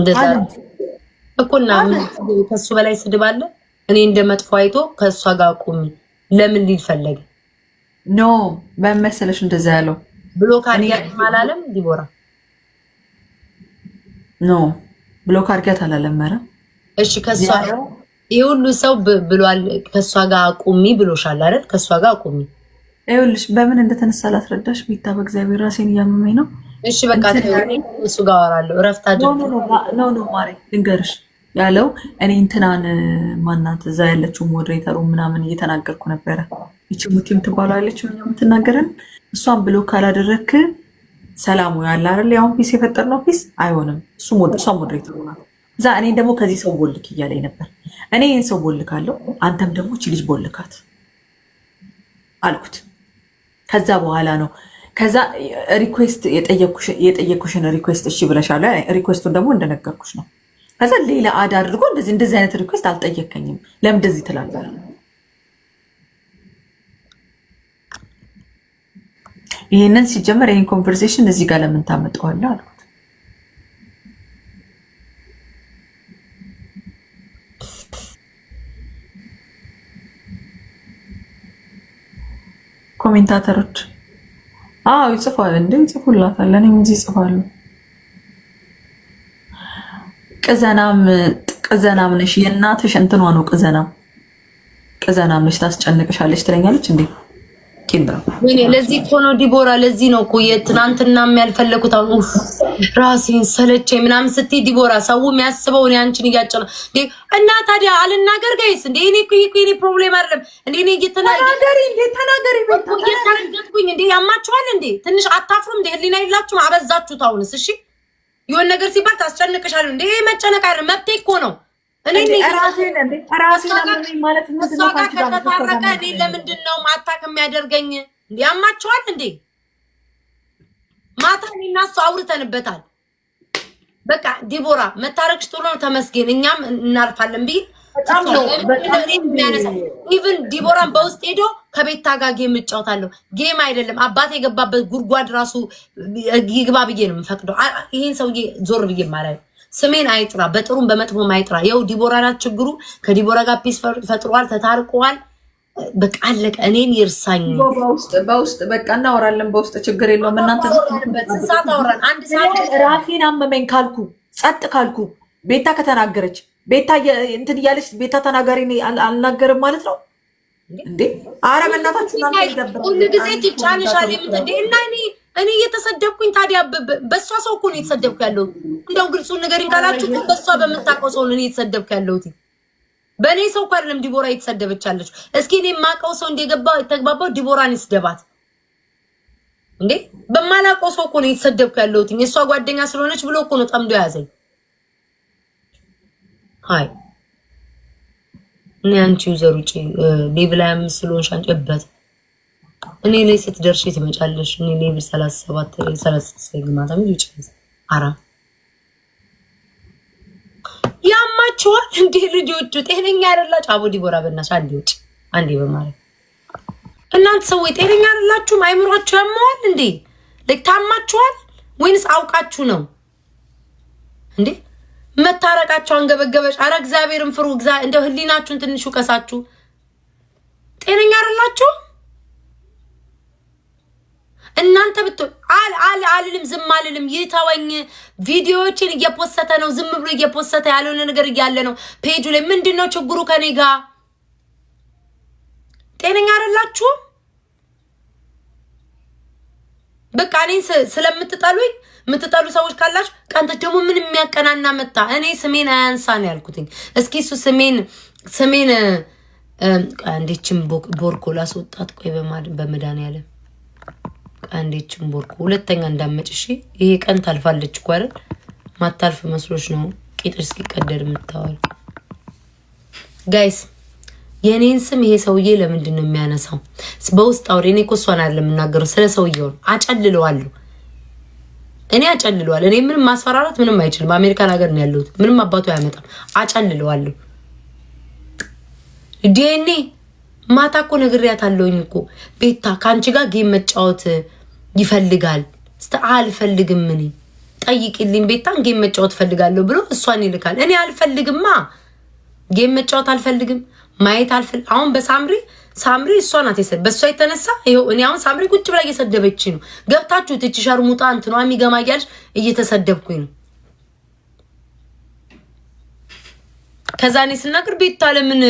እንደዛ ከሱ በላይ ስድብ አለ? እኔ እንደ መጥፎ አይቶ ከእሷ ጋር ቁሚ ለምን ሊል ፈለገ? ኖ በመሰለሽ እንደዛ ያለው ብሎ ካርጊያት አላለም። ዲቦራ ኖ ብሎ ካርጊያት አላለም። ኧረ እሺ ከእሷ ይህ ሁሉ ሰው ብሏል። ከእሷ ጋር አቁሚ ብሎሻል አይደል? ከእሷ ጋር አቁሚ። ይኸውልሽ በምን እንደተነሳ ላስረዳሽ። ቤታ በእግዚአብሔር ራሴን እያመመኝ ነው እሺ በቃ እሱ ጋር አወራለሁ። እረፍት ማሪ ልንገርሽ ያለው እኔ እንትናን ማናት እዛ ያለችው ሞዴሬተሩ ምናምን እየተናገርኩ ነበረ። ይቺ ሙቲም ትባሉ ያለችው የምትናገረን እሷን ብሎ ካላደረክ ሰላሙ ያለ አይደል? ያሁን ፒስ የፈጠርነው ፒስ አይሆንም። እሷ ሞዴሬተሩ ናት። እዛ እኔ ደግሞ ከዚህ ሰው ቦልክ እያለኝ ነበር። እኔ ይህን ሰው ቦልካለሁ፣ አንተም ደግሞ እቺ ልጅ ቦልካት አልኩት። ከዛ በኋላ ነው ከዛ ሪኩዌስት የጠየኩሽን ሪኩዌስት እሺ ብለሻለ። ሪኩዌስቱን ደግሞ እንደነገርኩሽ ነው። ከዛ ሌላ አድ አድርጎ እንደዚህ እንደዚህ አይነት ሪኩዌስት አልጠየከኝም፣ ለምን እንደዚህ ትላለ? ይህንን ሲጀመር ይህን ኮንቨርሴሽን እዚህ ጋር ለምን ታመጣዋለህ አልኩት። ኮሜንታተሮች አዎ ይጽፋል፣ እንዴ ይጽፉላታል። እኔም እንጂ ይጽፋሉ። ቅዘናም ቅዘናም ነሽ የእናትሽ እንትኗ ነው። ቅዘናም ቅዘናም ነሽ ታስጨንቅሻለች ትለኛለች እንዴ ለዚህ እኮ ነው ዲቦራ፣ ለዚህ ነው እኮ የትናንትና ያልፈለኩት አሁን ራሴን ሰለቸኝ ምናምን ስትይ ዲቦራ፣ ሰው የሚያስበው እኔ አንቺን እያጨ ነው እና ታዲያ አልናገር ጋይስ፣ እንደ እኔ እኔ ፕሮብሌም አይደለም እንደ እኔ ተናገሪ ተናገሪ እየተረገጥኩኝ እንደ ያማችኋል እንዴ? ትንሽ አታፍሩም እንዴ? ህሊና የላችሁም? አበዛችሁት አሁንስ። እሺ የሆነ ነገር ሲባል ታስጨንቅሻል እንዴ? መጨነቅ አይደለም መብቴ እኮ ነው። ከተታረቀ እኔ ለምንድን ነው ማታክ የሚያደርገኝ? እንደ ያማችኋል እንዴ? ማታ እኔ እና እሱ አውርተንበታል። በቃ ዲቦራ መታረቅሽ ጥሩ ነው ተመስገን፣ እኛም እናርፋለን ብዬ ኢቭን ዲቦራን በውስጥ ሄዶ ከቤታ ጋር ጌም እጫወታለሁ። ጌም አይደለም አባት የገባበት ጉድጓድ ራሱ ይግባ ብዬ ነው የምፈቅደው። ይህን ሰውዬ ዞር ብዬ ማለ ስሜን አይጥራ፣ በጥሩም በመጥፎም አይጥራ። የው ዲቦራ ናት ችግሩ። ከዲቦራ ጋር ፒስ ፈጥሯል፣ ተታርቀዋል። በቃ አለቀ። እኔን ይርሳኝ። በውስጥ በቃ እናወራለን። በውስጥ ችግር የለውም። እናንተ ራሴን አመመኝ ካልኩ ጸጥ ካልኩ ቤታ ከተናገረች ቤታ እንትን እያለች ቤታ ተናጋሪ አልናገርም ማለት ነው እንዴ? አረ በእናታችሁ ሁሉ ጊዜ ትጫንሻል። የምትዴ እኔ እኔ እየተሰደብኩኝ ታዲያ በእሷ ሰው እኮ ነው የተሰደብኩ ያለሁት። እንደው ግልጹን ንገሪኝ ካላችሁ እኮ በእሷ በምታውቀው ሰው ነው እኔ የተሰደብኩ ያለሁት። በእኔ ሰው እኮ አይደለም ዲቦራ እየተሰደበች እስኪ እኔ የማውቀው ሰው እንደገባ የተግባባው ዲቦራን ይስደባት እንዴ! በማላውቀው ሰው እኮ ነው የተሰደብኩ ያለሁት። እሷ ጓደኛ ስለሆነች ብሎ እኮ ነው ጠምዶ ያዘኝ። አይ እኔ አንቺ ዩዘር ውጪ ሌቭል ላይ አምስት ስለሆንሽ እኔ ላይ ስትደርሽ ትመጫለሽ። እኔ ሌቭል ሰላሳ ሰባት ሰላሳ ስድስት ላይ ግማታም ይጨርስ አራ ያማችኋል እንዴ ልጆቹ ጤነኛ አይደላችሁ? አቦ ዲቦራ በእናትሽ አንዴ ውጭ አንዴ በማለት እናንተ ሰዎች ጤነኛ አይደላችሁም። አይምሯችሁ ያመዋል እንዴ ልክ ታማችኋል ወይንስ አውቃችሁ ነው እንዴ? መታረቃቸው አንገበገበች። አረ እግዚአብሔርን ፍሩ። እግዚአብሔር እንደው ህሊናችሁን ትንሹ ውቀሳችሁ። ጤነኛ አይደላችሁ። እናንተ ብት አል አል አልልም ዝም አልልም። ይተወኝ። ቪዲዮዎችን እየፖሰተ ነው፣ ዝም ብሎ እየፖሰተ ያልሆነ ነገር እያለ ነው ፔጁ ላይ። ምንድን ነው ችግሩ ከኔ ጋ? ጤነኛ አይደላችሁም። በቃ እኔን ስለምትጠሉኝ የምትጠሉ ሰዎች ካላችሁ ቀንተ ደግሞ ምን የሚያቀናና መጣ። እኔ ስሜን አያንሳ ነው ያልኩትኝ። እስኪ እሱ ስሜን ስሜን እንዴችም ቦርኮ ላስወጣት ቆይ በመድኃኒዓለም አንዴ ይህችን ቦርቁ ሁለተኛ እንዳመጭ እሺ። ይሄ ቀን ታልፋለች እኮ አይደል? ማታልፍ መስሎች ነው ቂጥሽ እስኪቀደድ የምታወል። ጋይስ የእኔን ስም ይሄ ሰውዬ ለምንድን ነው የሚያነሳው? በውስጥ አውሬ እኔ እኮ እሷን አይደለም የምናገረው ስለ ሰውዬው ነው። አጨልለዋለሁ እኔ አጨልለዋለሁ። እኔ ምንም ማስፈራራት ምንም አይችልም። አሜሪካን ሀገር ነው ያለሁት። ምንም አባቱ አያመጣም። አጨልለዋለሁ ዲኤንኤ ማታ እኮ ነግሬያታለሁኝ እኮ ቤታ ከአንቺ ጋር ጌም መጫወት ይፈልጋል አልፈልግም ምን ጠይቅልኝ ቤታን ጌም መጫወት ፈልጋለሁ ብሎ እሷን ይልካል። እኔ አልፈልግማ ጌም መጫወት አልፈልግም ማየት አልፈል አሁን በሳምሪ ሳምሪ እሷ ናት የሰ በእሷ የተነሳ ይኸው እኔ አሁን ሳምሪ ቁጭ ብላ እየሰደበች ነው። ገብታችሁ ትች ሸርሙጣ እንትኗ የሚገማ እያልሽ እየተሰደብኩኝ ነው። ከዛ እኔ ስናገር ቤታ ለምን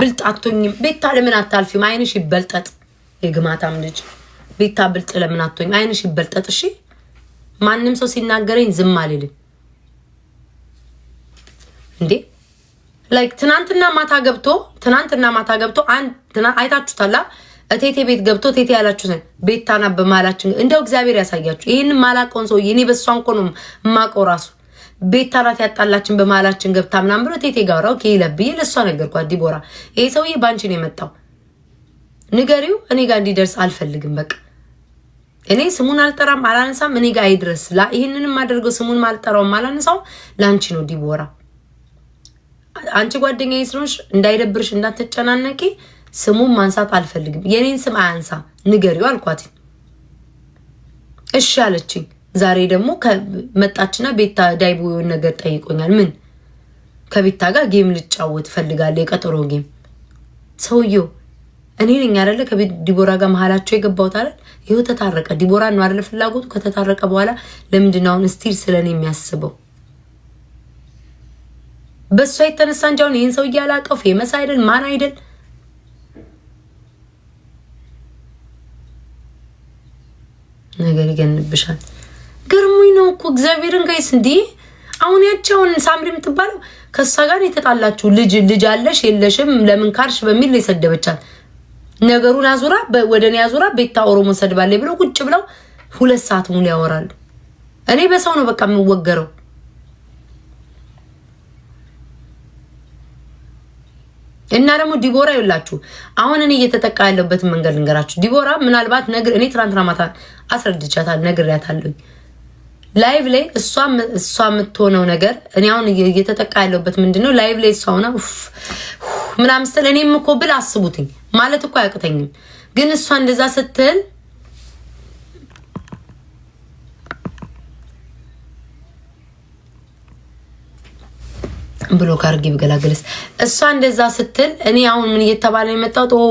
ብልጥ አቶኝም ቤታ ለምን አታልፊም? አይንሽ ይበልጠጥ የግማታም ልጅ ቤታ ብልጥ ለምን አትሆኝም? አይንሽ ይበልጠጥ። እሺ ማንም ሰው ሲናገረኝ ዝም አልልም እንዴ። ላይክ ትናንትና ማታ ገብቶ ትናንትና ማታ ገብቶ አይታችሁታላ። እቴቴ ቤት ገብቶ ቴቴ ያላችሁ ዘን ቤታና በማላችን እንደው እግዚአብሔር ያሳያችሁ። ይህንን ማላቀውን ሰውዬ እኔ በሷ እንኮ ነው ማቀው ራሱ ቤታ ያጣላችን በመሀላችን ገብታ ምናም ብሎ ቴቴ ጋር ኦኬ ለብዬ ለእሷ ነገርኳት። ዲቦራ ይሄ ሰውዬ ባንቺ ነው የመጣው ንገሪው፣ እኔ ጋር እንዲደርስ አልፈልግም በቃ እኔ ስሙን አልጠራም አላነሳም። እኔ ጋር አይድረስ። ይህንንም አደርገው ስሙን አልጠራውም አላነሳው ለአንቺ ነው ዲቦራ። አንቺ ጓደኛ ስለሆንሽ እንዳይደብርሽ እንዳትጨናነቂ ስሙን ማንሳት አልፈልግም። የኔን ስም አያንሳ ንገሪው አልኳት። እሺ አለችኝ። ዛሬ ደግሞ መጣችና ቤታ ዳይቦ የሆነ ነገር ጠይቆኛል። ምን ከቤታ ጋር ጌም ልጫወት ፈልጋለ የቀጠሮ ጌም ሰውየው እኔ ነኝ አደለ ከቤት ዲቦራ ጋር መሀላቸው የገባሁት አይደል? ይኸው ተታረቀ። ዲቦራ ነው አደለ ፍላጎቱ። ከተታረቀ በኋላ ለምንድን አሁን ስቲል ስለኔ የሚያስበው? በእሷ የተነሳ እንጂ አሁን ይህን ሰው እያላቀፉ የመሳ አይደል ማን አይደል ነገር ይገንብሻል። ገርሞኝ ነው እኮ እግዚአብሔርን ጋይስ እንዲህ አሁን ያቸውን ሳምሪ የምትባለው ከእሷ ጋር የተጣላችሁ ልጅ ልጅ አለሽ የለሽም ለምን ካርሽ በሚል የሰደበቻል። ነገሩን አዙራ ወደ እኔ አዙራ ቤታ ኦሮሞን ሰድባለች ብለው ቁጭ ብለው ሁለት ሰዓት ሙሉ ያወራሉ። እኔ በሰው ነው በቃ የምወገረው። እና ደግሞ ዲቦራ ይላችሁ አሁን እኔ እየተጠቃ ያለበትን መንገድ ልንገራችሁ። ዲቦራ ምናልባት ነግር እኔ ትናንትና ማታ አስረድቻታል ነግሬያታለሁ። ላይቭ ላይ እሷ እሷ የምትሆነው ነገር እኔ አሁን እየተጠቃ ያለሁበት ምንድን ነው? ላይቭ ላይ እሷ ሆነ ምናምን ስትል እኔም እኮ ብል አስቡትኝ ማለት እኮ አያቅተኝም። ግን እሷ እንደዛ ስትል ብሎ ካርጊ ብገላገልስ እሷ እንደዛ ስትል እኔ አሁን ምን እየተባለ የመጣው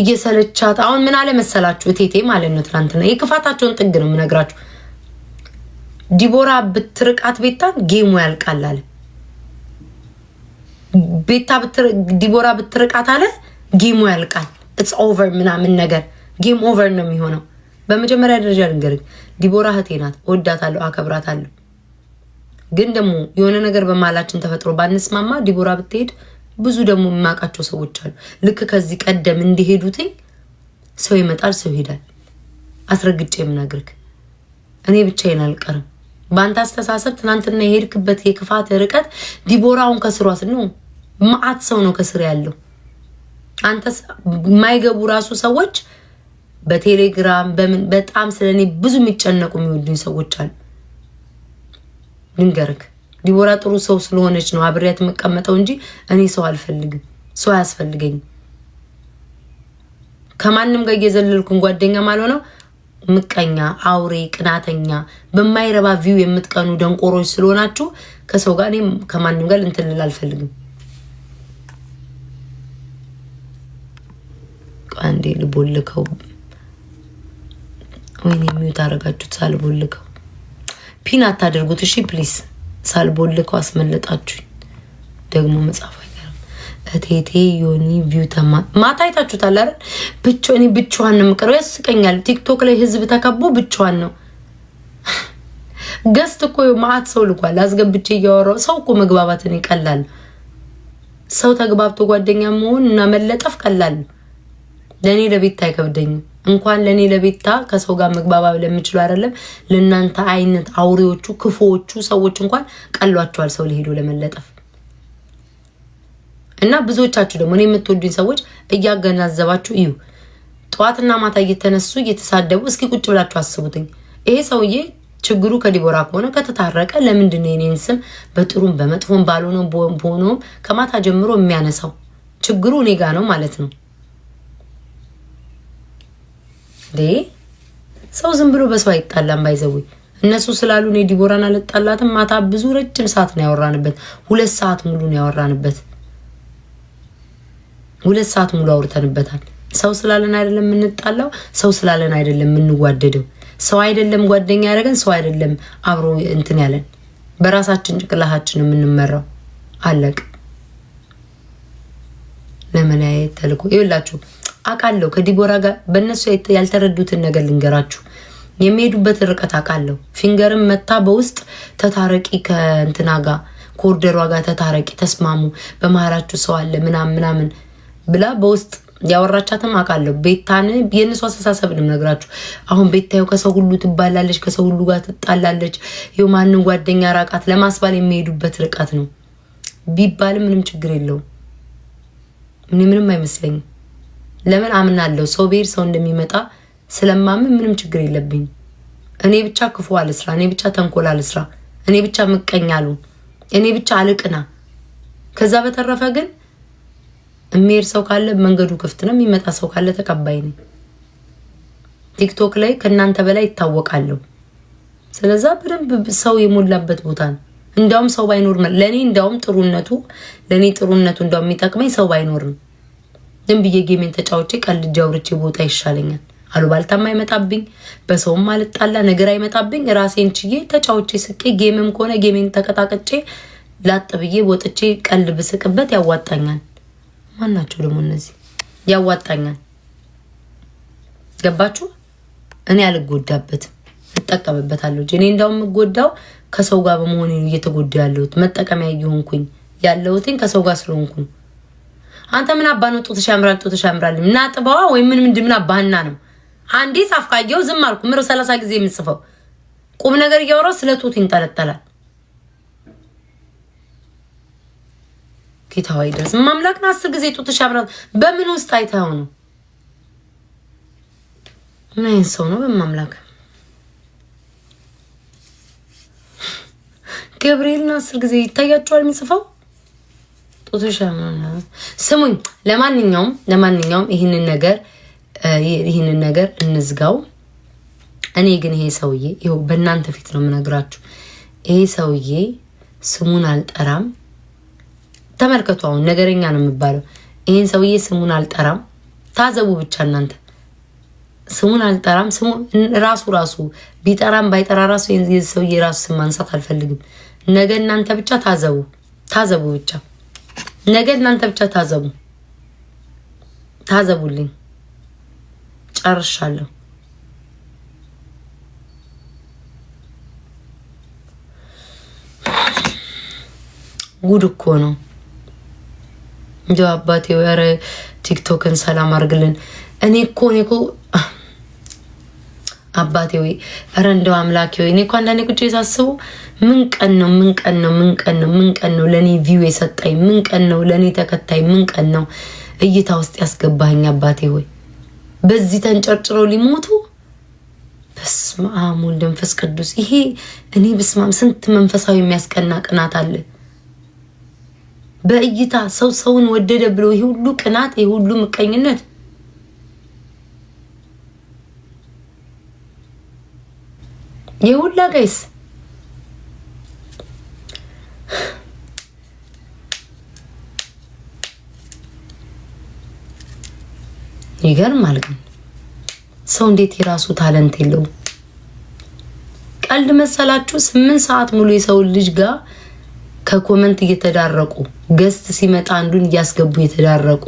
እየሰለቻት አሁን ምን አለ መሰላችሁ እቴቴ ማለት ነው። ትናንትና የክፋታቸውን ጥግ ነው የምነግራችሁ። ዲቦራ ብትርቃት ቤታን ጌሙ ያልቃል አለ ቤታ ዲቦራ ብትርቃት አለ ጌሙ ያልቃል። ኢትስ ኦቨር ምናምን ነገር ጌም ኦቨር ነው የሚሆነው። በመጀመሪያ ደረጃ ልንገርህ፣ ዲቦራ እህቴ ናት፣ እወዳታለሁ፣ አከብራታለሁ። ግን ደግሞ የሆነ ነገር በመሀላችን ተፈጥሮ ባንስማማ ዲቦራ ብትሄድ ብዙ ደግሞ የማውቃቸው ሰዎች አሉ። ልክ ከዚህ ቀደም እንዲሄዱትኝ ሰው ይመጣል፣ ሰው ይሄዳል። አስረግጬ የምነግርህ እኔ ብቻዬን አልቀርም። በአንተ አስተሳሰብ ትናንትና የሄድክበት የክፋት ርቀት ዲቦራውን ከስሯት ነው። መዓት ሰው ነው ከስር ያለው አንተ የማይገቡ ራሱ ሰዎች በቴሌግራም በምን በጣም ስለኔ ብዙ የሚጨነቁ የሚወዱኝ ሰዎች አሉ። ልንገርክ ዲቦራ ጥሩ ሰው ስለሆነች ነው አብሬያት የምቀመጠው እንጂ እኔ ሰው አልፈልግም፣ ሰው አያስፈልገኝም። ከማንም ጋር እየዘለልኩን ጓደኛ ማልሆነው ምቀኛ፣ አውሬ፣ ቅናተኛ በማይረባ ቪው የምትቀኑ ደንቆሮች ስለሆናችሁ ከሰው ጋር እኔ ከማንም ጋር ልንትልል አልፈልግም። አንዴ ልቦልከው። ወይኔ የሚዩት አረጋችሁት። ሳልቦልከው ፒን አታደርጉት እሺ ፕሊስ። ሳልቦልከው አስመለጣችሁኝ። ደግሞ መጽሐፍ አይቀርም። እቴቴ ዮኒ ቪው ተማ ማታ አይታችሁታል አይደል? ብቻ እኔ ብቻዋን ነው የምቀረው። ያስቀኛል። ቲክቶክ ላይ ህዝብ ተከቦ ብቻዋን ነው ገስት እኮ መዓት ሰው ልኳል። አስገብቼ እያወራው ሰው እኮ መግባባትን ይቀላል። ሰው ተግባብቶ ጓደኛ መሆን እና መለጠፍ ቀላል ነው። ለእኔ ለቤታ አይከብደኝም። እንኳን ለእኔ ለቤታ ከሰው ጋር መግባባብ ለምችሉ አይደለም ለእናንተ አይነት አውሬዎቹ ክፉዎቹ ሰዎች እንኳን ቀሏቸዋል ሰው ሊሄዱ ለመለጠፍ እና ብዙዎቻችሁ ደግሞ እኔ የምትወዱኝ ሰዎች እያገናዘባችሁ እዩ። ጠዋትና ማታ እየተነሱ እየተሳደቡ እስኪ ቁጭ ብላችሁ አስቡትኝ። ይሄ ሰውዬ ችግሩ ከዲቦራ ከሆነ ከተታረቀ ለምንድን ነው የኔን ስም በጥሩም በመጥፎም ባልሆነ በሆነውም ከማታ ጀምሮ የሚያነሳው? ችግሩ እኔ ጋ ነው ማለት ነው። እንዴ ሰው ዝም ብሎ በሰው አይጣላም። ባይዘዊ እነሱ ስላሉ እኔ ዲቦራን አልጣላትም። ማታ ብዙ ረጅም ሰዓት ነው ያወራንበት። ሁለት ሰዓት ሙሉ ነው ያወራንበት። ሁለት ሰዓት ሙሉ አውርተንበታል። ሰው ስላለን አይደለም የምንጣላው፣ ሰው ስላለን አይደለም የምንዋደደው። ሰው አይደለም ጓደኛ ያደረገን፣ ሰው አይደለም አብሮ እንትን ያለን። በራሳችን ጭቅላታችን የምንመራው አለቅ ለመለያየት ተልኮ ይውላችሁ አውቃለሁ። ከዲቦራ ጋር በእነሱ ያልተረዱትን ነገር ልንገራችሁ። የሚሄዱበትን ርቀት አውቃለሁ። ፊንገርም መታ በውስጥ ተታረቂ፣ ከእንትና ጋር ከወርደሯ ጋር ተታረቂ፣ ተስማሙ፣ በመሀላችሁ ሰው አለ ምናምን ምናምን ብላ በውስጥ ያወራቻትም አውቃለሁ። ቤታን የእነሱ አስተሳሰብ ነው የምነግራችሁ። አሁን ቤታዩ ከሰው ሁሉ ትባላለች፣ ከሰው ሁሉ ጋር ትጣላለች፣ የማንም ጓደኛ ራቃት ለማስባል የሚሄዱበት ርቀት ነው ቢባልም ምንም ችግር የለውም። እኔ ምንም አይመስለኝም። ለምን አምናለሁ። ሰው ብሄድ ሰው እንደሚመጣ ስለማምን ምንም ችግር የለብኝ እኔ ብቻ ክፉ አልስራ፣ እኔ ብቻ ተንኮል አልስራ፣ እኔ ብቻ ምቀኝ አሉ፣ እኔ ብቻ አልቅና። ከዛ በተረፈ ግን የሚሄድ ሰው ካለ መንገዱ ክፍት ነው፣ የሚመጣ ሰው ካለ ተቀባይ ነኝ። ቲክቶክ ላይ ከእናንተ በላይ ይታወቃለሁ። ስለዛ በደንብ ሰው የሞላበት ቦታ ነው። እንዳውም ሰው ባይኖር ለእኔ እንዲያውም ጥሩነቱ ለእኔ ጥሩነቱ እንዲያውም የሚጠቅመኝ ሰው ባይኖርም። ነው። ዝም ብዬ ጌሜን ተጫውቼ ቀልጃ አውርቼ ቦታ ይሻለኛል። አሉባልታም አይመጣብኝ፣ በሰውም አልጣላ፣ ነገር አይመጣብኝ። ራሴን ችዬ ተጫውቼ ስቄ ጌምም ከሆነ ጌሜን ተቀጣቅጬ ላጥ ብዬ ወጥቼ ቀል ብስቅበት ያዋጣኛል። ማን ናቸው ደግሞ እነዚህ? ያዋጣኛል። ገባችሁ? እኔ አልጎዳበትም፣ እጠቀምበታለሁ። እኔ እንዳውም የምጎዳው ከሰው ጋር በመሆኔ ነው እየተጎዳ ያለሁት። መጠቀሚያ እየሆንኩኝ ያለሁትኝ ከሰው ጋር ስለሆንኩኝ አንተ ምን አባ ነው ጡትሽ ያምራል ጡትሽ ያምራል ናጥበዋ ወይ ምን ምንድን ምን አባህና ነው? አንዴ ሳፍቃየው ዝም አልኩ። ምር ሰላሳ ጊዜ የምጽፈው ቁም ነገር እያወራው ስለ ጡት ይንጠለጠላል። ጌታ ወይ ድረስ ማምላክን አስር ጊዜ ጡትሽ ያምራል በምን ውስጥ አይተኸው ነው? ምን አይነት ሰው ነው? በማምላክ ገብርኤልን አስር ጊዜ ይታያቸዋል የሚጽፈው ጡቶች ስሙኝ። ለማንኛውም ለማንኛውም ይህንን ነገር ይህንን ነገር እንዝጋው። እኔ ግን ይሄ ሰውዬ ይኸው በእናንተ ፊት ነው የምነግራችሁ። ይሄ ሰውዬ ስሙን አልጠራም። ተመልከቱ፣ አሁን ነገረኛ ነው የሚባለው። ይህን ሰውዬ ስሙን አልጠራም። ታዘቡ ብቻ እናንተ ስሙን አልጠራም። ስሙ ራሱ ራሱ ቢጠራም ባይጠራ ራሱ የሰውዬ ራሱ ስም ማንሳት አልፈልግም። ነገ እናንተ ብቻ ታዘቡ ታዘቡ ብቻ ነገ እናንተ ብቻ ታዘቡ፣ ታዘቡልኝ። ጨርሻለሁ። ጉድ እኮ ነው። እንዲ አባቴ ወረ ቲክቶክን ሰላም አድርግልን። እኔ እኮ እኔ እኮ አባቴ ወይ ኧረ እንደው አምላኬ ወይ እኔ እኮ አንዳንዴ ቁጭ የሳስቡ ምን ቀን ነው ምን ቀን ነው ምን ቀን ነው ምን ቀን ነው ለእኔ ቪው የሰጠኝ ምን ቀን ነው ለእኔ ተከታይ ምን ቀን ነው እይታ ውስጥ ያስገባኝ አባቴ ወይ በዚህ ተንጨርጭረው ሊሞቱ በስመ አብ ወወልድ ወመንፈስ ቅዱስ ይሄ እኔ በስመ አብ ስንት መንፈሳዊ የሚያስቀና ቅናት አለ በእይታ ሰው ሰውን ወደደ ብሎ ይሁሉ ሁሉ ቅናት ይሁሉ ሁሉ ምቀኝነት የሁላ ቀይስ ይገርማል። ግን ሰው እንዴት የራሱ ታለንት የለው ቀልድ መሰላችሁ? ስምንት ሰዓት ሙሉ የሰው ልጅ ጋር ከኮመንት እየተዳረቁ ገስት ሲመጣ አንዱን እያስገቡ እየተዳረቁ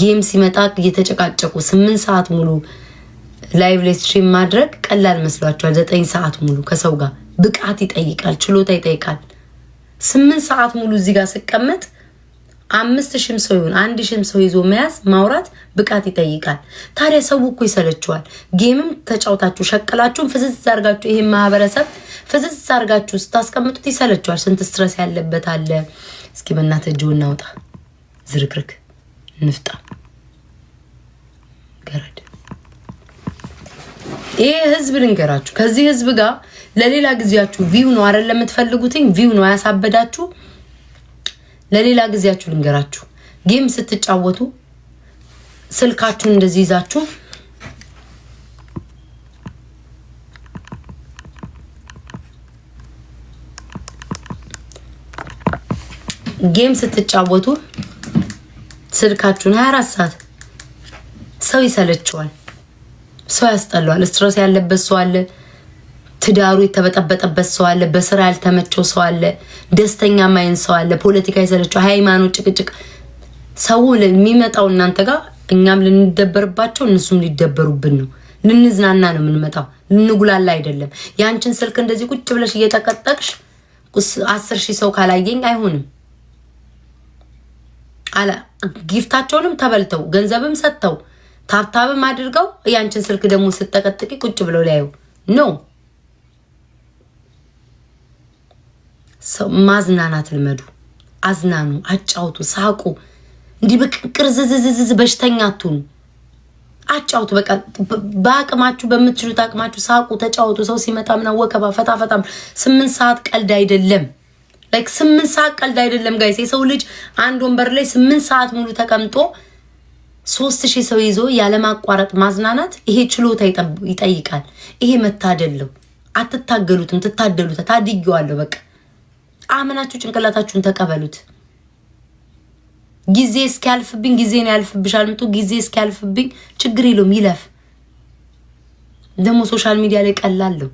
ጌም ሲመጣ እየተጨቃጨቁ ስምንት ሰዓት ሙሉ ላይቭ ላይ ስትሪም ማድረግ ቀላል መስሏቸዋል። ዘጠኝ ሰዓት ሙሉ ከሰው ጋር ብቃት ይጠይቃል፣ ችሎታ ይጠይቃል። ስምንት ሰዓት ሙሉ እዚህ ጋር ስቀመጥ አምስት ሺህም ሰው ይሁን አንድ ሺህም ሰው ይዞ መያዝ ማውራት ብቃት ይጠይቃል። ታዲያ ሰው እኮ ይሰለችዋል። ጌምም ተጫውታችሁ ሸቅላችሁም ፍዝዝ አርጋችሁ ይሄን ማህበረሰብ ፍዝዝ አርጋችሁ ስታስቀምጡት ይሰለችዋል። ስንት ስትረስ ያለበት አለ። እስኪ በእናትህ እጅ እናውጣ፣ ዝርክርክ ንፍጣ ገረድ ይሄ ህዝብ ልንገራችሁ፣ ከዚህ ህዝብ ጋር ለሌላ ጊዜያችሁ ቪው ነው አይደል? ለምትፈልጉትኝ ቪው ነው ያሳበዳችሁ። ለሌላ ጊዜያችሁ ልንገራችሁ፣ ጌም ስትጫወቱ ስልካችሁን እንደዚህ ይዛችሁ ጌም ስትጫወቱ ስልካችሁን 24 ሰዓት ሰው ይሰለችዋል። ሰው ያስጠላዋል። ስትረስ ያለበት ሰው አለ፣ ትዳሩ የተበጠበጠበት ሰው አለ፣ በስራ ያልተመቸው ሰው አለ፣ ደስተኛ ማይን ሰው አለ፣ ፖለቲካ የሰለቸው፣ ሃይማኖት ጭቅጭቅ። ሰው የሚመጣው እናንተ ጋር እኛም ልንደበርባቸው እነሱም ሊደበሩብን ነው። ልንዝናና ነው የምንመጣው፣ ልንጉላላ አይደለም። ያንችን ስልክ እንደዚህ ቁጭ ብለሽ እየጠቀጠቅሽ አስር ሺህ ሰው ካላየኝ አይሆንም። አላ ጊፍታቸውንም ተበልተው ገንዘብም ሰጥተው ታብታብም አድርገው ያንችን ስልክ ደግሞ ስጠቀጥቂ ቁጭ ብለው ሊያዩ ኖ ማዝናናት ልመዱ። አዝናኑ፣ አጫውቱ፣ ሳቁ። እንዲህ በቅርዝዝዝዝ በሽተኛ አትሁኑ። አጫውቱ። በቃ በአቅማችሁ በምትችሉት አቅማችሁ ሳቁ፣ ተጫወቱ። ሰው ሲመጣ ምናምን ወከባ ፈታፈታም ስምንት ሰዓት ቀልድ አይደለም። ላይክ ስምንት ሰዓት ቀልድ አይደለም ጋይስ። የሰው ልጅ አንድ ወንበር ላይ ስምንት ሰዓት ሙሉ ተቀምጦ ሶስት ሺህ ሰው ይዞ ያለማቋረጥ ማዝናናት ይሄ ችሎታ ይጠይቃል። ይሄ መታደለው አትታገሉትም፣ ትታደሉት። ታድጊዋለሁ በቃ አምናችሁ ጭንቅላታችሁን ተቀበሉት። ጊዜ እስኪያልፍብኝ ጊዜን ያልፍብሻል ምጡ ጊዜ እስኪያልፍብኝ ችግር የለውም ይለፍ። ደግሞ ሶሻል ሚዲያ ላይ ቀላለሁ።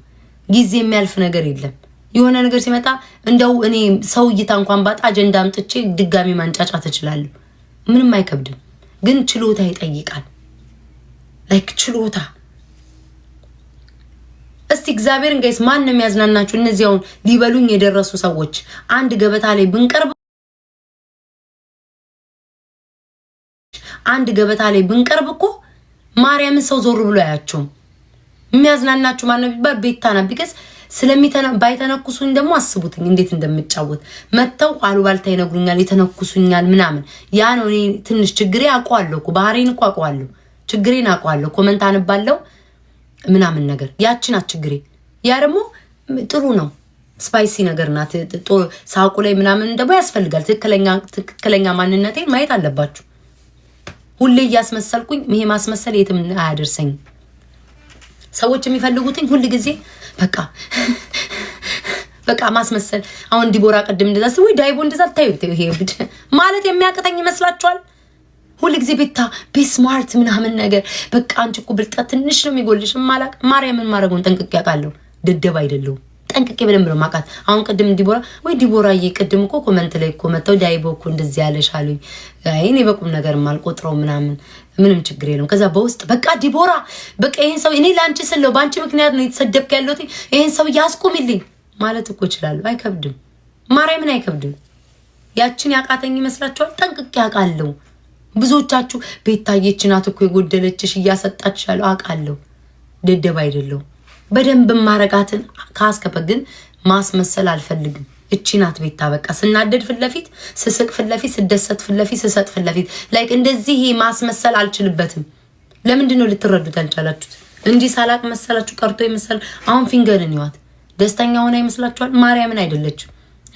ጊዜ የሚያልፍ ነገር የለም። የሆነ ነገር ሲመጣ እንደው እኔ ሰው እይታ እንኳን ባጣ አጀንዳ አምጥቼ ድጋሚ ማንጫጫ ትችላለሁ። ምንም አይከብድም። ግን ችሎታ ይጠይቃል። ላይክ ችሎታ እስቲ እግዚአብሔርን ጋይስ ማን ነው የሚያዝናናችሁ? እነዚያውን ሊበሉኝ የደረሱ ሰዎች አንድ ገበታ ላይ ብንቀርብ አንድ ገበታ ላይ ብንቀርብ እኮ ማርያምን ሰው ዞር ብሎ አያቸውም። የሚያዝናናችሁ ማን ነው ቢባል ቤታ ና ቢቀስ ባይተነኩሱኝ ደግሞ አስቡትኝ እንዴት እንደምጫወት መጥተው አሉባልታ ይነግሩኛል፣ የተነኩሱኛል ምናምን። ያ ነው እኔ ትንሽ ችግሬ አውቀዋለሁ እኮ ባህሬን እኮ አውቀዋለሁ፣ ችግሬን አውቀዋለሁ፣ ኮመንት አንባለው ምናምን ነገር ያችን ችግሬ። ያ ደግሞ ጥሩ ነው ስፓይሲ ነገር ናት። ሳቁ ላይ ምናምን ደግሞ ያስፈልጋል። ትክክለኛ ማንነቴን ማየት አለባችሁ። ሁሌ እያስመሰልኩኝ ይሄ ማስመሰል የትም አያደርሰኝም። ሰዎች የሚፈልጉትኝ ሁል ጊዜ በቃ በቃ ማስመሰል። አሁን ዲቦራ ቅድም እንደዛ ወይ ዳይቦ እንደዛ ታዩ ይሄ ብድ ማለት የሚያቅተኝ ይመስላችኋል? ሁል ጊዜ ቤታ ቤስማርት ምናምን ነገር በቃ አንቺ እኮ ብልጣት ትንሽ ነው የሚጎልሽ። ማላቅ ማርያምን ማድረጉን ጠንቅቄ አውቃለሁ። ደደብ አይደለሁም። ጠንቅቄ በደንብ ነው ማቃት። አሁን ቅድም ዲቦራ ወይ ዲቦራዬ፣ ቅድም እኮ ኮመንት ላይ እኮ መጥተው ዳይቦ እኮ እንደዚህ ያለሽ አሉኝ። እኔ በቁም ነገር አልቆጥረው ምናምን ምንም ችግር የለም። ከዛ በውስጥ በቃ ዲቦራ፣ በቃ ይህን ሰው እኔ ለአንቺ ስለው በአንቺ ምክንያት ነው የተሰደብክ ያለሁት ይህን ሰው ያስቁሚልኝ ማለት እኮ እችላለሁ። አይከብድም፣ ማርያምን አይከብድም። ያችን ያቃተኝ ይመስላችኋል? ጠንቅቄ አውቃለሁ። ብዙዎቻችሁ ቤታዬ ናት እኮ የጎደለችሽ እያሰጣችሽ አለው። አውቃለሁ፣ ደደብ አይደለሁም። በደንብ ማረጋትን ካስከበ ግን ማስመሰል አልፈልግም። እቺ ናት ቤታ በቃ ስናደድ ፊት ለፊት፣ ስስቅ ፊት ለፊት፣ ስደሰት ፊት ለፊት፣ ስሰጥ ፊት ለፊት ላይክ እንደዚህ ማስመሰል አልችልበትም። ለምንድን ነው ልትረዱት ያልቻላችሁት? እንዲህ ሳላቅ መሰላችሁ ቀርቶ ይመስላል። አሁን ፊንገርን ይዋት ደስተኛ ሆና ይመስላችኋል? ማርያምን አይደለችም።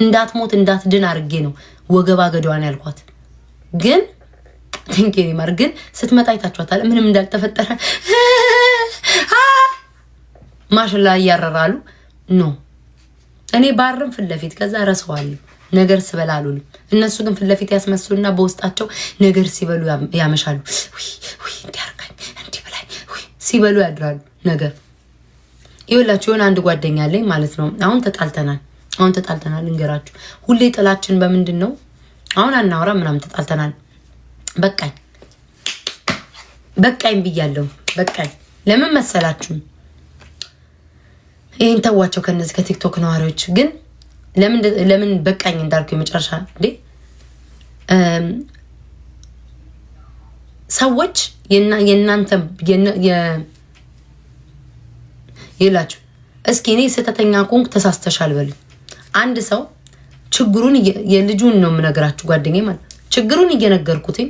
እንዳትሞት እንዳትድን አድርጌ ነው ወገባ ገደዋን ያልኳት። ግን ቴንኬ ማር ግን ስትመጣ አይታችኋታል ምንም እንዳልተፈጠረ ማሽላ እያረራሉ ኖ እኔ ባርም ፊት ለፊት ከዛ ረሰዋለሁ። ነገር ስበላ አሉልም። እነሱ ግን ፊት ለፊት ያስመስሉና በውስጣቸው ነገር ሲበሉ ያመሻሉ። እንዲያርጋኝ እንዲበላኝ ሲበሉ ያድራሉ። ነገር ይበላችሁ። የሆነ አንድ ጓደኛ አለኝ ማለት ነው። አሁን ተጣልተናል። አሁን ተጣልተናል እንገራችሁ። ሁሌ ጥላችን በምንድን ነው? አሁን አናወራ ምናምን ተጣልተናል። በቃኝ በቃኝ ብያለሁ። በቃኝ ለምን መሰላችሁ? ይህን ተዋቸው። ከነዚህ ከቲክቶክ ነዋሪዎች ግን ለምን በቃኝ እንዳልኩ የመጨረሻ እንዴ ሰዎች የእናንተ ይላችሁ እስኪ እኔ ስህተተኛ ኮንኩ ተሳስተሻል በሉኝ። አንድ ሰው ችግሩን የልጁን ነው የምነግራችሁ ጓደኛ ማለት ችግሩን እየነገርኩትኝ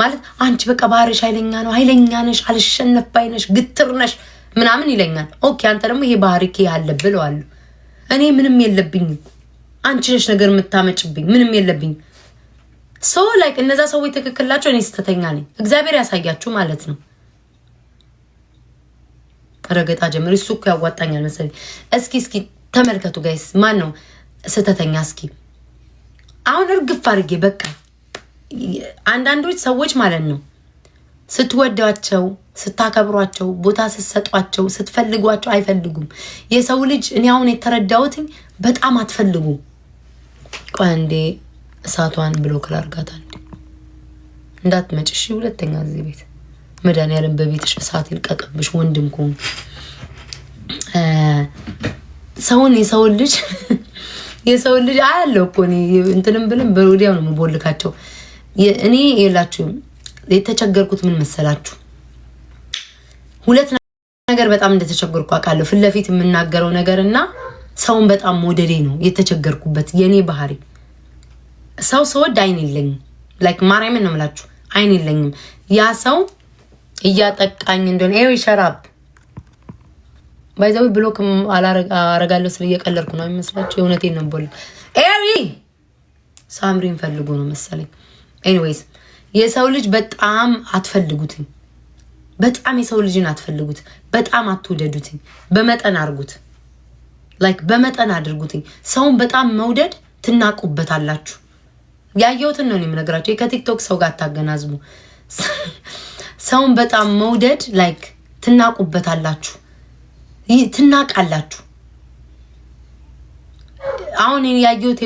ማለት አንቺ በቃ ባህርሽ ኃይለኛ ነው ኃይለኛ ነሽ፣ አልሸነፍ ባይነሽ፣ ግትር ነሽ ምናምን ይለኛል። ኦኬ አንተ ደግሞ ይሄ ባህሪኬ አለ ብለዋለሁ። እኔ ምንም የለብኝም። አንቺ ነሽ ነገር የምታመጭብኝ። ምንም የለብኝም። ሰው ላይ እነዛ ሰዎች ትክክላቸው፣ እኔ ስተተኛ ነኝ። እግዚአብሔር ያሳያችሁ ማለት ነው። ረገጣ ጀምር። እሱ እኮ ያዋጣኛል መሰለኝ። እስኪ እስኪ ተመልከቱ ጋይስ፣ ማን ነው ስተተኛ? እስኪ አሁን እርግፍ አድርጌ በቃ አንዳንዶች ሰዎች ማለት ነው ስትወዷቸው፣ ስታከብሯቸው፣ ቦታ ስትሰጧቸው፣ ስትፈልጓቸው አይፈልጉም። የሰው ልጅ እኔ አሁን የተረዳሁትኝ በጣም አትፈልጉ። ቆይ አንዴ እሳቷን ብሎ ክላርጋታ አንዴ እንዳትመጭ እሺ። ሁለተኛ እዚህ ቤት መድኃኒዓለም በቤትሽ እሳት ይልቀቅብሽ ወንድም ከሆኑ ሰውን የሰውን ልጅ የሰውን ልጅ አያለው እኮ እንትንም ብልም ወዲያው ነው የምቦልካቸው እኔ የላችሁም የተቸገርኩት ምን መሰላችሁ? ሁለት ነገር በጣም እንደተቸገርኩ አውቃለሁ። ፊት ለፊት የምናገረው ነገር እና ሰውን በጣም መውደዴ ነው የተቸገርኩበት። የኔ ባህሪ ሰው ስወድ አይን የለኝም። ላይክ ማርያምን ነው የምላችሁ፣ አይን የለኝም። ያ ሰው እያጠቃኝ እንደሆነ ይኸው ሸራብ ባይዛዊ ብሎክ አረጋለሁ ስለ እየቀለድኩ ነው የሚመስላቸው። የእውነቴን ነው ቦል ኤሪ ሳምሪን ፈልጎ ነው መሰለኝ ኤኒዌይስ የሰው ልጅ በጣም አትፈልጉትኝ። በጣም የሰው ልጅን አትፈልጉት። በጣም አትውደዱትኝ። በመጠን አድርጉት። ላይክ በመጠን አድርጉትኝ። ሰውን በጣም መውደድ ትናቁበታላችሁ። ያየሁትን ነው የምነግራቸው። ከቲክቶክ ሰው ጋር አታገናዝቡ። ሰውን በጣም መውደድ ላይክ ትናቁበታላችሁ፣ ትናቃላችሁ። አሁን ያየሁት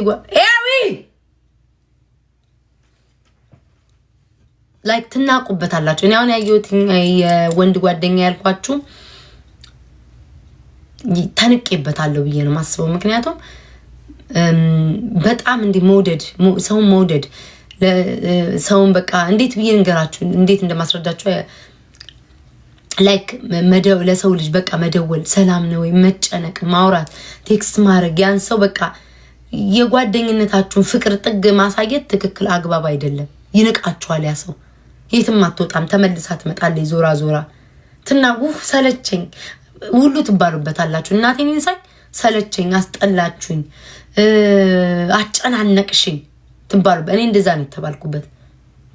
ላይክ ትናቁበታላችሁ። እኔ አሁን ያየሁት የወንድ ጓደኛ ያልኳችሁ ተንቄበታለሁ ብዬ ነው ማስበው። ምክንያቱም በጣም እንዲህ መውደድ ሰውን መውደድ ሰውን በቃ እንዴት ብዬ ንገራችሁ፣ እንዴት እንደማስረዳችሁ ላይክ መደው ለሰው ልጅ በቃ መደወል፣ ሰላም ነው ወይ መጨነቅ፣ ማውራት፣ ቴክስት ማድረግ ያን ሰው በቃ የጓደኝነታችሁን ፍቅር ጥግ ማሳየት ትክክል አግባብ አይደለም። ይንቃችኋል ያ ሰው። የትም አትወጣም፣ ተመልሳ ትመጣለች ዞራ ዞራ ትናጉ ሰለቸኝ ሁሉ ትባሉበታላችሁ። እናቴን ይንሳኝ ሰለቸኝ፣ አስጠላችሁኝ፣ አጨናነቅሽኝ ትባሉበት። እኔ እንደዛ ነው የተባልኩበት።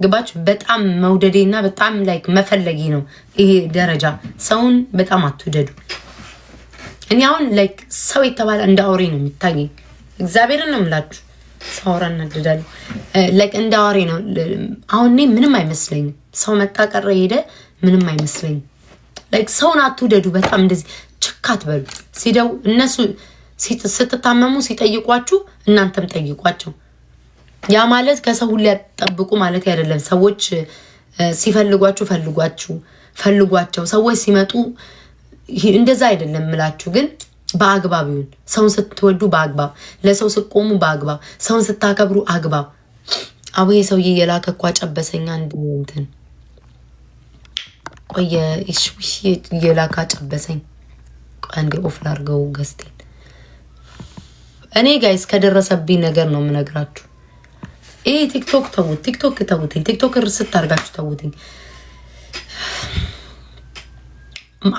ግባችሁ በጣም መውደዴ እና በጣም ላይክ መፈለጌ ነው ይሄ ደረጃ። ሰውን በጣም አትውደዱ። እኔ አሁን ላይክ ሰው የተባለ እንደ አውሬ ነው የሚታየኝ። እግዚአብሔርን ነው የምላችሁ። ሳውራ እናደዳሉ። እንደ አዋሬ ነው። አሁን እኔ ምንም አይመስለኝም። ሰው መጣ ቀረ ሄደ ምንም አይመስለኝም። ሰውን አትውደዱ። በጣም እንደዚህ ችካት በሉ ሲደው እነሱ ስትታመሙ ሲጠይቋችሁ እናንተም ጠይቋቸው። ያ ማለት ከሰው ሁሌ ያጠብቁ ማለት አይደለም። ሰዎች ሲፈልጓችሁ ፈልጓችሁ ፈልጓቸው። ሰዎች ሲመጡ እንደዛ አይደለም ምላችሁ ግን በአግባብ ይሁን። ሰውን ስትወዱ በአግባብ ለሰው ስቆሙ በአግባብ ሰውን ስታከብሩ አግባብ። አቡዬ ሰውዬ የላከ እኮ አጨበሰኛ እንትን ቆየ የላከ አጨበሰኝ። አንዴ ኦፍ ላርገው ገዝቴን። እኔ ጋይስ ከደረሰብኝ ነገር ነው የምነግራችሁ። ይህ ቲክቶክ ተውት፣ ቲክቶክ ተውትኝ፣ ቲክቶክ ርስት ስታርጋችሁ ተውትኝ።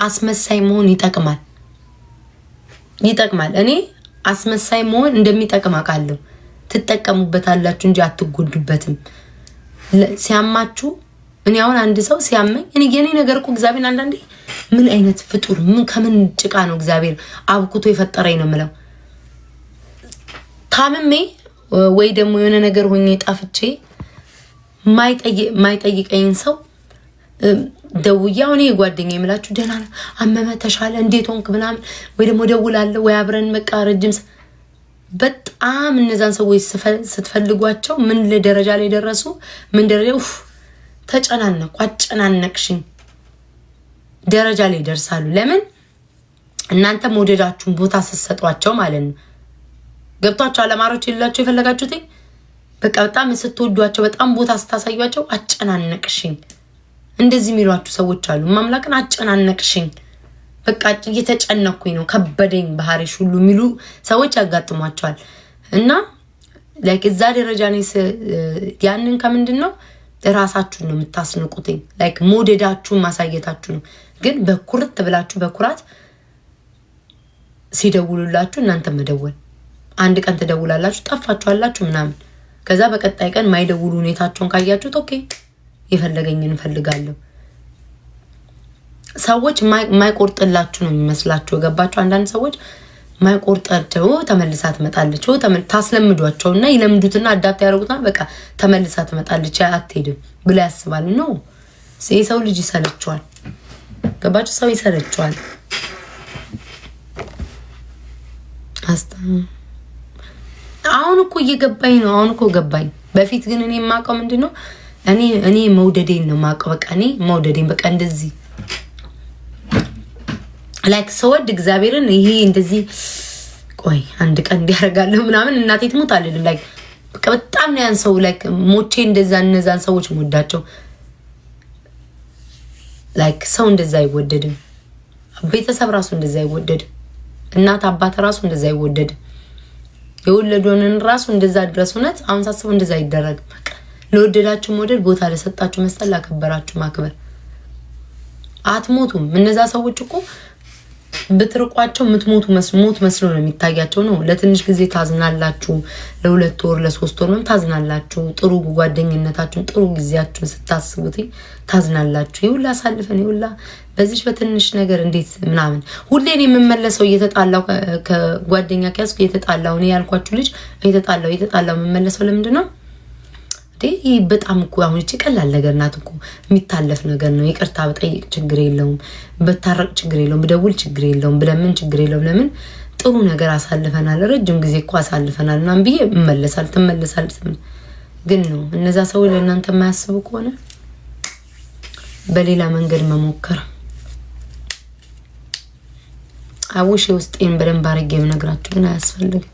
አስመሳይ መሆን ይጠቅማል። ይጠቅማል። እኔ አስመሳይ መሆን እንደሚጠቅም አውቃለሁ። ትጠቀሙበታላችሁ እንጂ አትጎዱበትም። ሲያማችሁ እኔ አሁን አንድ ሰው ሲያመኝ እኔ የኔ ነገር እኮ እግዚአብሔር አንዳንዴ ምን አይነት ፍጡር ምን ከምን ጭቃ ነው እግዚአብሔር አብኩቶ የፈጠረኝ ነው ምለው ታምሜ ወይ ደግሞ የሆነ ነገር ሆኜ ጣፍቼ ማይጠይቀኝን ሰው ደውዬ አሁን ጓደኛ የምላችሁ ደህና ነው፣ አመመ፣ ተሻለ፣ እንዴት ሆንክ ምናምን ወይ ደግሞ ደውላለሁ ወይ አብረን መቃ ረጅም በጣም እነዛን ሰዎች ስትፈልጓቸው ምን ደረጃ ላይ ደረሱ? ምን ደረጃ ተጨናነቁ፣ አጨናነቅሽኝ ደረጃ ላይ ይደርሳሉ። ለምን እናንተ መውደዳችሁን ቦታ ስትሰጧቸው ማለት ነው። ገብቷቸው አለማሮች የሌላቸው የፈለጋችሁት በቃ በጣም ስትወዷቸው፣ በጣም ቦታ ስታሳዩቸው አጨናነቅሽኝ እንደዚህ የሚሏችሁ ሰዎች አሉ። ማምላክን አጨናነቅሽኝ፣ በቃ እየተጨነኩኝ ነው፣ ከበደኝ፣ ባህሪሽ ሁሉ የሚሉ ሰዎች ያጋጥሟቸዋል። እና ላይክ እዛ ደረጃ ያንን ከምንድን ነው ራሳችሁን ነው የምታስንቁትኝ፣ ላይክ መውደዳችሁን ማሳየታችሁ ነው። ግን በኩርት ብላችሁ በኩራት ሲደውሉላችሁ እናንተ መደወል አንድ ቀን ትደውላላችሁ፣ ጠፋችኋላችሁ ምናምን። ከዛ በቀጣይ ቀን ማይደውሉ ሁኔታቸውን ካያችሁት ኦኬ የፈለገኝን እንፈልጋለሁ። ሰዎች ማይቆርጥላችሁ ነው የሚመስላችሁ። የገባችሁ አንዳንድ ሰዎች ማይቆርጣቸው ተመልሳ ትመጣለች። ታስለምዷቸው እና ይለምዱትና አዳፕት ያደርጉትና በቃ ተመልሳ ትመጣለች አትሄድም ብላ ያስባል ነው። የሰው ልጅ ይሰለችዋል። ገባችሁ? ሰው ይሰለችዋል። አሁን እኮ እየገባኝ ነው። አሁን እኮ ገባኝ። በፊት ግን እኔ የማውቀው ምንድን ነው እኔ እኔ መውደዴን ነው የማውቀው። በቃ እኔ መውደዴን በቃ እንደዚህ ላይክ ሰወድ እግዚአብሔርን ይሄ እንደዚህ ቆይ አንድ ቀን እንዲያደርጋለሁ ምናምን እናቴ ትሞት አልልም። ላይክ በቃ በጣም ነው ያን ሰው ላይክ ሞቼ እንደዛ እነዛን ሰዎች መወዳቸው። ላይክ ሰው እንደዛ አይወደድም። ቤተሰብ ራሱ እንደዛ አይወደድም። እናት አባት ራሱ እንደዛ አይወደድም። የወለዱንን ራሱ እንደዛ ድረስ እውነት አሁን ሳስበው እንደዛ አይደረግም። ለወደዳችሁ መውደድ፣ ቦታ ለሰጣችሁ መስጠት፣ ላከበራችሁ ማክበር። አትሞቱም። እነዛ ሰዎች እኮ ብትርቋቸው ምትሞቱ ሞት መስሎ ነው የሚታያቸው። ነው ለትንሽ ጊዜ ታዝናላችሁ። ለሁለት ወር ለሶስት ወር ምም ታዝናላችሁ። ጥሩ ጓደኝነታችሁን ጥሩ ጊዜያችሁን ስታስቡት ታዝናላችሁ። ይሁላ አሳልፈን ይሁላ በዚች በትንሽ ነገር እንዴት ምናምን ሁሌን የምመለሰው እየተጣላው ከጓደኛ ከያዝኩ እየተጣላው እኔ ያልኳችሁ ልጅ እየተጣላው እየተጣላው የምመለሰው ለምንድን ነው? ይህ በጣም እኮ አሁን እቺ ቀላል ነገር ናት እኮ የሚታለፍ ነገር ነው። ይቅርታ በጠይቅ ችግር የለውም፣ በታረቅ ችግር የለውም፣ ብደውል ችግር የለውም፣ ብለምን ችግር የለውም። ለምን ጥሩ ነገር አሳልፈናል፣ ረጅም ጊዜ እኮ አሳልፈናል ምናምን ብዬ እመለሳል ትመለሳል። ግን ነው እነዛ ሰዎች ለእናንተ የማያስቡ ከሆነ በሌላ መንገድ መሞከር አውሽ የውስጤን በደንብ አድርጌ የምነግራችሁ ግን አያስፈልግም።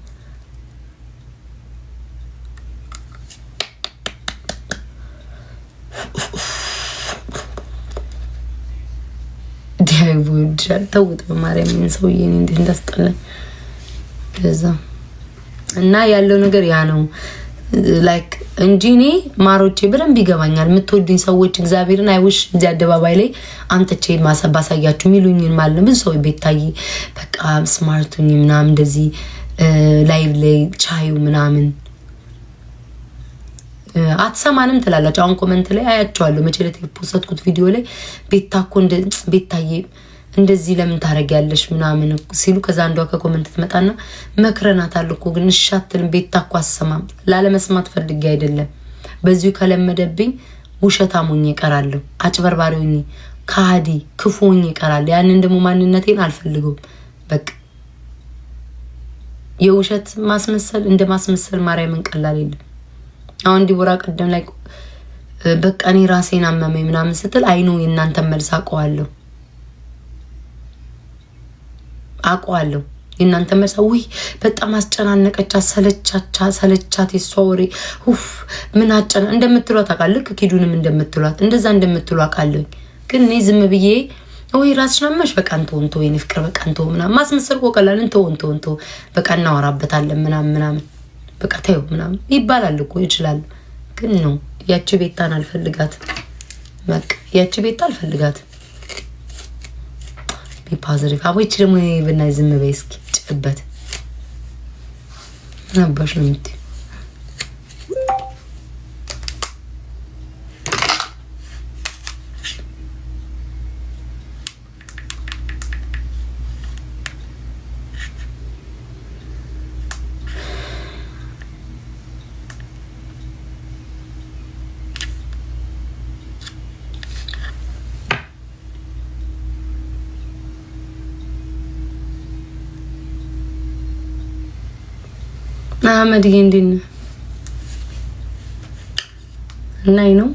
ውድ አልታወጥ በማርያም ሰውዬ እኔ እንዴት እንዳስጠላኝ ለዛ እና ያለው ነገር ያ ነው ላይክ እንጂ እኔ ማሮቼ በደንብ ይገባኛል። የምትወዱኝ ሰዎች እግዚአብሔርን አይውሽ እዚህ አደባባይ ላይ አምጥቼ ባሳያችሁ የሚሉኝን ማለት ነው። ብዙ ሰው ቤታይ በቃ ስማርቱኝ ምናምን እንደዚህ ላይቭ ላይ ቻዩ ምናምን አትሰማንም ትላላችሁ። አሁን ኮመንት ላይ አያቸዋለሁ። መቼ ዕለት የፖሰትኩት ቪዲዮ ላይ ቤታ እኮ ቤታዬ እንደዚህ ለምን ታደርጊያለሽ ምናምን ሲሉ ከዛ አንዷ ከኮመንት ትመጣና መክረናታል እኮ ግን እሺ አትልም። ቤታ እኮ አትሰማም። ላለመስማት ፈልጌ አይደለም። በዚሁ ከለመደብኝ ውሸታም ሆኜ እቀራለሁ። አጭበርባሪ ሆኜ፣ ከሃዲ ክፉ ሆኜ እቀራለሁ። ያንን ደግሞ ማንነቴን አልፈልገውም። በቃ የውሸት ማስመሰል እንደ ማስመሰል ማርያምን ቀላል የለም። አሁን ዲቦራ ቀደም ላይ በቃ እኔ ራሴን አመመኝ ምናምን ስትል አይኖ የእናንተን መልስ አውቀዋለሁ አውቀዋለሁ የእናንተ መልሳ ውይ በጣም አስጨናነቀቻት፣ ሰለቻቻ ሰለቻት፣ የሷ ወሬ ሁፍ ምን አጨና እንደምትሏት አውቃለሁ። ኪዱንም እንደምትሏት እንደዛ እንደምትሉ አውቃለሁኝ። ግን እኔ ዝም ብዬ ወይ ራስሽ አመሽ በቃ እንተወንቶ የኔ ፍቅር በቃ እንተወ ምናምን ማስመሰል እኮ ቀላል። እንተወንቶ በቃ እናወራበታለን ምናምን ምናምን በቃ ታዩ ምናምን ይባላል እኮ ይችላል። ግን ነው ያቺ ቤታን አልፈልጋት መቅ ያቺ ቤታ አልፈልጋት። ቢፓዘሪፍ አቦች ደግሞ ብና ዝም በይ እስኪ ጭቅበት ነባሽ ነው የምትይው አህመድዬ እንዴት ነህ? እናይ ነው